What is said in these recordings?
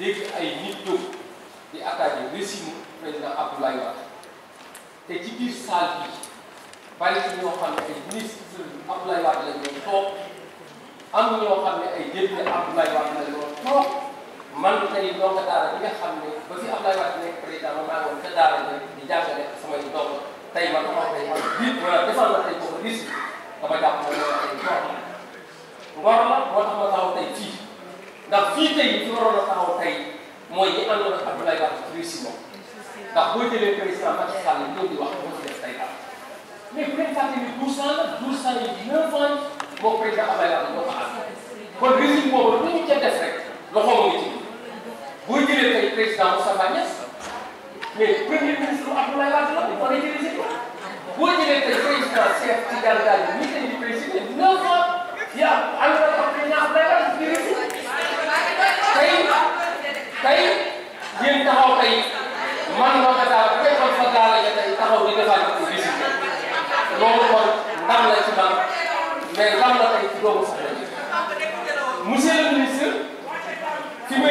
léegi ay nit jóg di attaqué régime président Abdoulaye Wade te ci biir salle bi bari ci ñoo xam ne ay ministre Abdoulaye Wade la ñoo toog am ñoo xam ne ay député Abdoulaye Wade la ñoo toog man tey ndongo daara bi nga xam ne ba fi Abdoulaye Wade nekk président ma maa ngoon ca daara di jàngale ak samay ndongo tey man damaa koy wax biir wala defal na tey boobu risque dama jàpp moom mooy ay ngor ndax fii tey fi waroon a taxaw tey mooy ñi àndoon ak Abdoulaye Wade réussi moom ndax boo jëlee président Macky Sall ñoo di wax moo ci def tey daal mais bu leen fàtte ni douze ans la douze ans yi neuf ans moo président Abdoulaye Wade moo ko am kon régime boobu lu ñu ca def rek loxo ma ngi ci boo jëlee tey président Moussa Bagnès mais premier ministre Abdoulaye Wade la on est dirigé boo jëlee tey président Cheikh Tidiane Gaye mi ngi leen di président neuf ans yaa ànd ak Abdoulaye Wade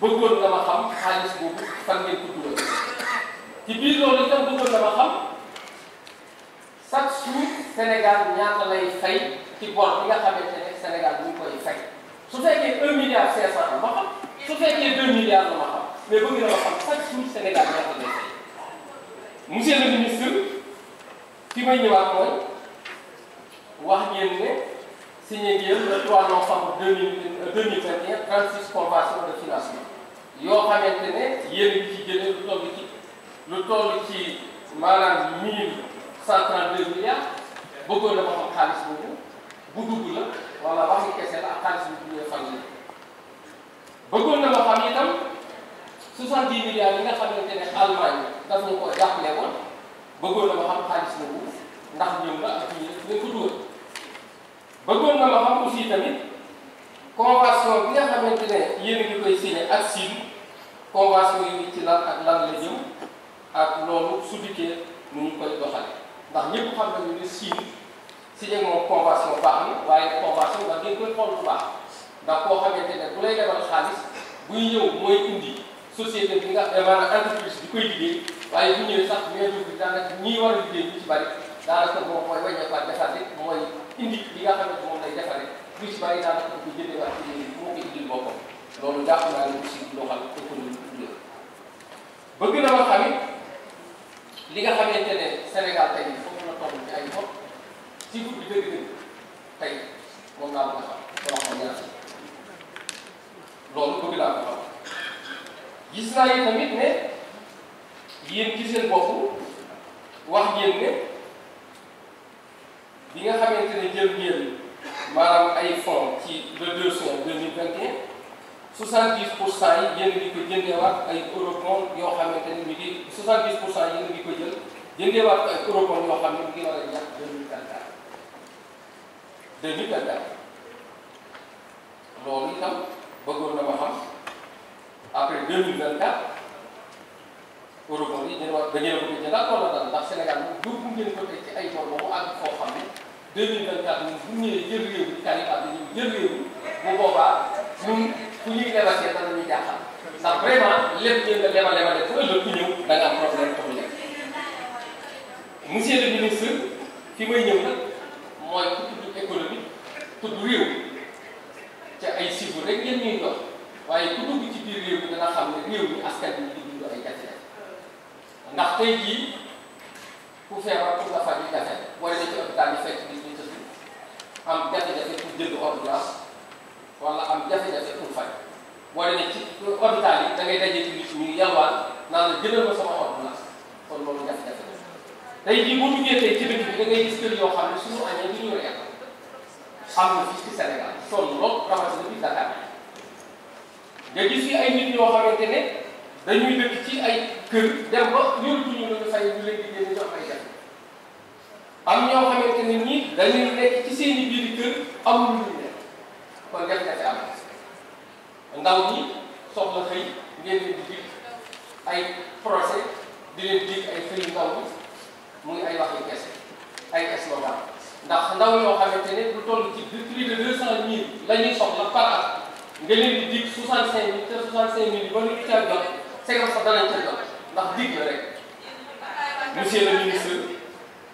bëggoon nga ma xam xaalis boobu fan ngeen ko dugal ci biir loolu itam bëggoon nga ma xam chaque jour Sénégal ñaata lay fay ci bor nga xamante ne Sénégal ñu ngi koy fay su fekkee 1 milliard 500 la ma xam su fekkee 2 milliards la ma xam mais bëgg na ma xam chaque jour Sénégal ñaata lay fay monsieur le ministre fi may ñëwaat mooy wax ngeen ne signé ngeen le 3 novembre 2021 36 convention de financement. yoo xamante ne yéen ngi ci jëlee lu toll ci lu toll ci maanaam mille cent trente deux milliards bëggoon na ko xam xaalis boobu bu dugg la wala wax kese la ak xaalis bu duggee fan la bëggoon na ma xam itam soixante dix milliards yi nga ne Allemagne daf ñu ko jàppale woon na ma xam xaalis boobu ndax ñëw la ak ñi ñu ko dugal bëggoon na ma xam aussi tamit convention bi nga xamante ne yéen a ngi koy signé ak Chine convention yi ci lan ak la jëm ak loolu su a nu ñu koy doxale ndax ñëpp xam nañu ne Chine signé moom convention baax na waaye convention ndax dañ koy xool bu baax ndax koo xamante ne bu lay defal xaalis buy ñëw mooy indi nga maanaam entreprise bi koy a liggéey ñu bari daanaka moom mooy wàññeekuwaat defaree mooy indi li nga xam ne moom lay defaree lu ci bari bëgg na ma tamit li nga xamante ne Sénégal tey foofu la toll ci ay bopp cycle bi dëgg-dëgg tey moom laa bëgg a xam sama xol yaa loolu bëgg naa ko xam gis naa yi tamit ne yéen ci seen wax ngeen ne bi nga xamante ne jël ngeen maanaam ay fonds ci le deux cent deux mille vingt et 70 pour cent yi yéen ngi ko jëndeewaat ay eurobond yoo xamante ni mi ngi 70 pour cent yéen ngi ko jël jëndeewaat ay eurobond yoo xam ne mi ngi war a ñàkk 2024 2024 loolu itam bëggoon na ma xam après 2024 eurobond yi jëndeewaat da ngeen ko jëndaat wala dal ndax Sénégal moom yóbbu ngeen ko tey ci ay bor ba mu àgg 2024 moom bu ñëwee jël réew mi tari lebal yéen man nañu jaaxal ndax vraiment lépp ñu nga lebal lebal de ku ëllëg ku ñëw da nga am problème pour lekk monsieur le ministre fi may ñëw nag mooy ku tudd économie tudd réew ca ay chiffres rek ngeen ñuy jox waaye ku dugg ci biir réew mi dana xam ne réew askan bi di dund ay jafe ndax tey jii ku feebar pour nga faj jafe wala ci hôpital yi fekk nit ñi tëdd am jafe-jafe pour jënd ordonnance wala am jafe-jafe pour faj boo demee ci hôpital yi da ngay daje ci nit ñuy yalwaan naan la jëlal ma sama ordonnance kon loolu jafe-jafe la tey jii boo u g g e e e ci dëkk bi da ngay gis kër yoo xam ne suñu añee li ñu yor yàq am na fii ci Sénégal sonn lool rawatina bi Dakar nga gis fi ay nit yoo xamante ne dañuy dëkk ci ay kër dem ba y o r a t ñ u la ñu fay ñu leen di g é n n jox ay jafe am ñoo xamante ne nii dañuy nekk ci seen i biir kër amul ndaw ñi soxla xëy ngeen leen di dig ay procès di leen ay xëyu ndaw ñi muy ay wax yu kese ay slogan ndax ndaw ñoo xamante ne lu toll ci plus de deux cent mille la ñuy soxla par at nga leen di dig soixante cinq mille te soixante cinq mille ba ñu ca jot cinquante sax danañ ca ndax dig la rek monsieur le ministre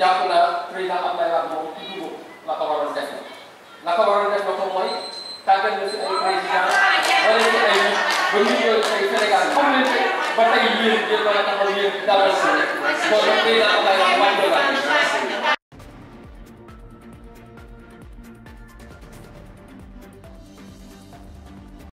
jàpp naa président Abdoulaye Wade moom ci dugub la ko waroon def la ko waroon def la mooy tàggat na si ay président wala ñu ay nit ba ñu ñëw tey Sénégal xam leen tey ba tey yéen yéen a taxaw yéen dalal si kon day daal